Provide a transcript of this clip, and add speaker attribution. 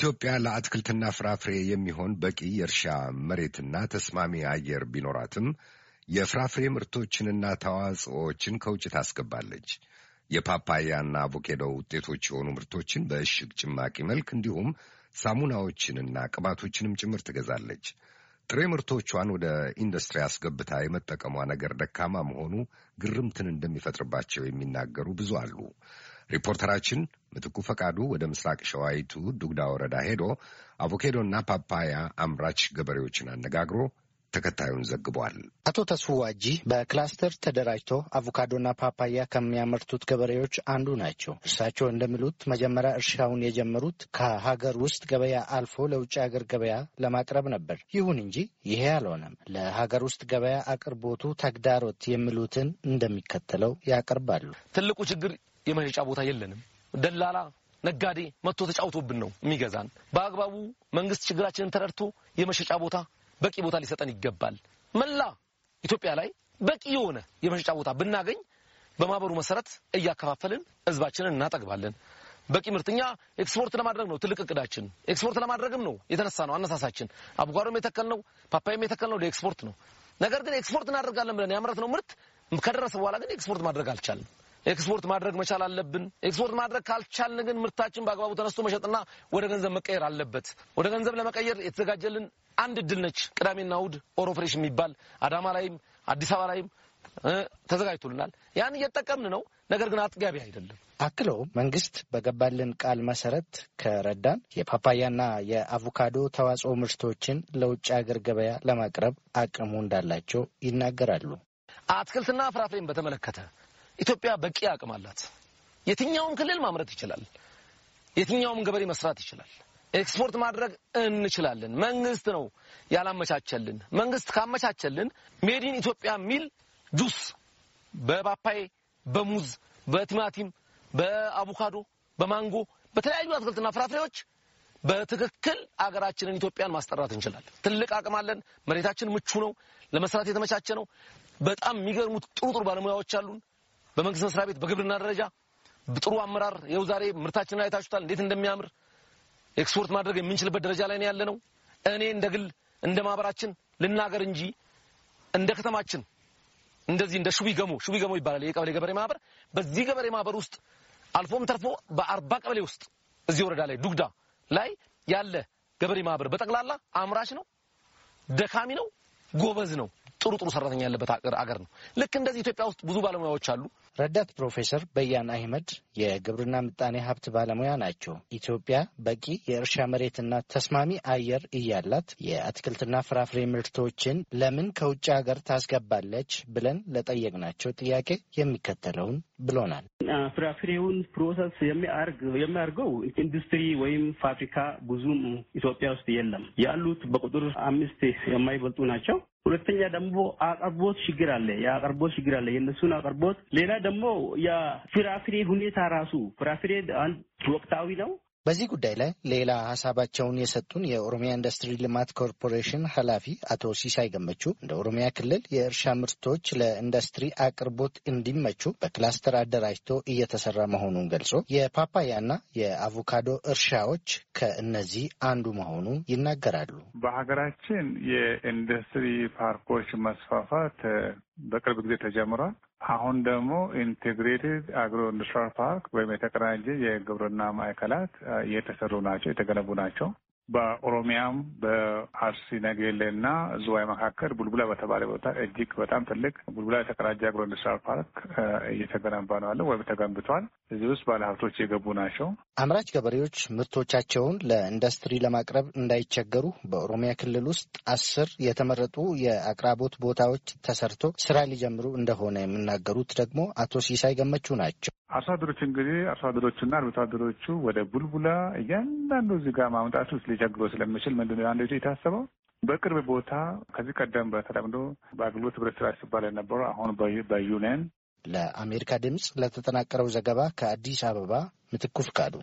Speaker 1: ኢትዮጵያ ለአትክልትና ፍራፍሬ የሚሆን በቂ የእርሻ መሬትና ተስማሚ አየር ቢኖራትም የፍራፍሬ ምርቶችንና ተዋጽዎችን ከውጭ ታስገባለች። የፓፓያና አቮኬዶ ውጤቶች የሆኑ ምርቶችን በእሽግ ጭማቂ መልክ እንዲሁም ሳሙናዎችንና ቅባቶችንም ጭምር ትገዛለች። ጥሬ ምርቶቿን ወደ ኢንዱስትሪ አስገብታ የመጠቀሟ ነገር ደካማ መሆኑ ግርምትን እንደሚፈጥርባቸው የሚናገሩ ብዙ አሉ። ሪፖርተራችን ምትኩ ፈቃዱ ወደ ምስራቅ ሸዋይቱ ዱግዳ ወረዳ ሄዶ አቮኬዶና ፓፓያ አምራች ገበሬዎችን አነጋግሮ ተከታዩን ዘግቧል።
Speaker 2: አቶ ተስፉ ዋጂ በክላስተር ተደራጅቶ አቮካዶና ፓፓያ ከሚያመርቱት ገበሬዎች አንዱ ናቸው። እርሳቸው እንደሚሉት መጀመሪያ እርሻውን የጀመሩት ከሀገር ውስጥ ገበያ አልፎ ለውጭ ሀገር ገበያ ለማቅረብ ነበር። ይሁን እንጂ ይሄ አልሆነም። ለሀገር ውስጥ ገበያ አቅርቦቱ ተግዳሮት የሚሉትን እንደሚከተለው ያቀርባሉ።
Speaker 3: ትልቁ ችግር የመሸጫ ቦታ የለንም። ደላላ ነጋዴ መጥቶ ተጫውቶብን ነው የሚገዛን። በአግባቡ መንግስት ችግራችንን ተረድቶ የመሸጫ ቦታ በቂ ቦታ ሊሰጠን ይገባል። መላ ኢትዮጵያ ላይ በቂ የሆነ የመሸጫ ቦታ ብናገኝ በማህበሩ መሰረት እያከፋፈልን ህዝባችንን እናጠግባለን። በቂ ምርትኛ ኤክስፖርት ለማድረግ ነው ትልቅ እቅዳችን። ኤክስፖርት ለማድረግም ነው የተነሳ ነው አነሳሳችን። አቮካዶም የተከልነው ፓፓያም የተከልነው ለኤክስፖርት ነው። ነገር ግን ኤክስፖርት እናደርጋለን ብለን ያመረትነው ምርት ከደረሰ በኋላ ግን ኤክስፖርት ማድረግ አልቻለም። ኤክስፖርት ማድረግ መቻል አለብን። ኤክስፖርት ማድረግ ካልቻልን ግን ምርታችን በአግባቡ ተነስቶ መሸጥና ወደ ገንዘብ መቀየር አለበት። ወደ ገንዘብ ለመቀየር የተዘጋጀልን አንድ እድል ነች። ቅዳሜና እሑድ ኦሮፍሬሽ የሚባል አዳማ ላይም አዲስ አበባ ላይም ተዘጋጅቶልናል። ያን እየጠቀምን ነው። ነገር ግን አጥጋቢ አይደለም።
Speaker 2: አክሎ መንግስት በገባልን ቃል መሰረት ከረዳን የፓፓያና የአቮካዶ ተዋጽኦ ምርቶችን ለውጭ ሀገር ገበያ ለማቅረብ አቅሙ እንዳላቸው ይናገራሉ።
Speaker 3: አትክልትና ፍራፍሬን በተመለከተ ኢትዮጵያ በቂ አቅም አላት። የትኛውም ክልል ማምረት ይችላል። የትኛውም ገበሬ መስራት ይችላል። ኤክስፖርት ማድረግ እንችላለን። መንግስት ነው ያላመቻቸልን። መንግስት ካመቻቸልን ሜዲን ኢትዮጵያ የሚል ጁስ በፓፓይ፣ በሙዝ፣ በቲማቲም፣ በአቮካዶ፣ በማንጎ፣ በተለያዩ አትክልትና ፍራፍሬዎች በትክክል አገራችንን ኢትዮጵያን ማስጠራት እንችላለን። ትልቅ አቅም አለን። መሬታችን ምቹ ነው፣ ለመስራት የተመቻቸ ነው። በጣም የሚገርሙት ጥሩ ጥሩ ባለሙያዎች አሉን። በመንግስት መስሪያ ቤት በግብርና ደረጃ ጥሩ አመራር የው ዛሬ ምርታችንን አይታችሁታል፣ እንዴት እንደሚያምር ኤክስፖርት ማድረግ የምንችልበት ደረጃ ላይ ነው ያለ ነው። እኔ እንደ ግል እንደ ማህበራችን ልናገር እንጂ እንደ ከተማችን እንደዚህ እንደ ሹቢ ገሞ ሹቢ ገሞ ይባላል የቀበሌ ገበሬ ማህበር። በዚህ ገበሬ ማህበር ውስጥ አልፎም ተርፎ በአርባ ቀበሌ ውስጥ እዚህ ወረዳ ላይ ዱግዳ ላይ ያለ ገበሬ ማህበር በጠቅላላ አምራች ነው፣ ደካሚ ነው፣ ጎበዝ ነው። ጥሩ ጥሩ ሰራተኛ ያለበት አገር ነው። ልክ እንደዚህ ኢትዮጵያ ውስጥ ብዙ ባለሙያዎች አሉ። ረዳት
Speaker 2: ፕሮፌሰር በያን አህመድ የግብርና ምጣኔ ሀብት ባለሙያ ናቸው። ኢትዮጵያ በቂ የእርሻ መሬትና ተስማሚ አየር እያላት የአትክልትና ፍራፍሬ ምርቶችን ለምን ከውጭ ሀገር ታስገባለች ብለን ለጠየቅናቸው ጥያቄ የሚከተለውን ብሎናል። ፍራፍሬውን ፕሮሰስ የሚያደርገው ኢንዱስትሪ ወይም ፋብሪካ ብዙም ኢትዮጵያ ውስጥ የለም። ያሉት በቁጥር አምስት የማይበልጡ ናቸው። ሁለተኛ ደግሞ አቅርቦት ችግር አለ። የአቅርቦት ችግር አለ። የእነሱን አቅርቦት ሌላ ደግሞ የፍራፍሬ ሁኔታ ራሱ ፍራፍሬ ወቅታዊ ነው። በዚህ ጉዳይ ላይ ሌላ ሀሳባቸውን የሰጡን የኦሮሚያ ኢንዱስትሪ ልማት ኮርፖሬሽን ኃላፊ አቶ ሲሳይ ገመቹ እንደ ኦሮሚያ ክልል የእርሻ ምርቶች ለኢንዱስትሪ አቅርቦት እንዲመቹ በክላስተር አደራጅቶ እየተሰራ መሆኑን ገልጾ የፓፓያና የአቮካዶ እርሻዎች ከእነዚህ አንዱ መሆኑን ይናገራሉ።
Speaker 4: በሀገራችን የኢንዱስትሪ ፓርኮች መስፋፋት በቅርብ ጊዜ ተጀምሯል። አሁን ደግሞ ኢንቴግሬትድ አግሮ ኢንዱስትሪያል ፓርክ ወይም የተቀናጀ የግብርና ማዕከላት እየተሰሩ ናቸው፣ የተገነቡ ናቸው። በኦሮሚያም በአርሲ ነገሌ እና ዝዋይ መካከል ቡልቡላ በተባለ ቦታ እጅግ በጣም ትልቅ ቡልቡላ የተቀናጀ አግሮ ኢንዱስትሪያል ፓርክ እየተገነባ ነው ያለው ወይም ተገንብቷል። እዚህ ውስጥ ባለሀብቶች የገቡ ናቸው።
Speaker 2: አምራች ገበሬዎች ምርቶቻቸውን ለኢንዱስትሪ ለማቅረብ እንዳይቸገሩ በኦሮሚያ ክልል ውስጥ አስር የተመረጡ የአቅራቦት ቦታዎች ተሰርቶ ስራ ሊጀምሩ እንደሆነ የሚናገሩት ደግሞ አቶ ሲሳይ ገመቹ ናቸው።
Speaker 4: አርሶ አደሮች እንግዲህ አርሶ አደሮቹና አርብቶ አደሮቹ ወደ ቡልቡላ እያንዳንዱ እዚህ ጋር ማምጣት ውስጥ ሊቸግሮ ስለሚችል ምንድን አንዱ የታሰበው በቅርብ ቦታ ከዚህ ቀደም በተለምዶ በአገልግሎት ህብረት ስራ ሲባል የነበረው አሁን በዩኒየን ለአሜሪካ ድምፅ
Speaker 2: ለተጠናቀረው ዘገባ ከአዲስ አበባ ምትኩ ፍቃዱ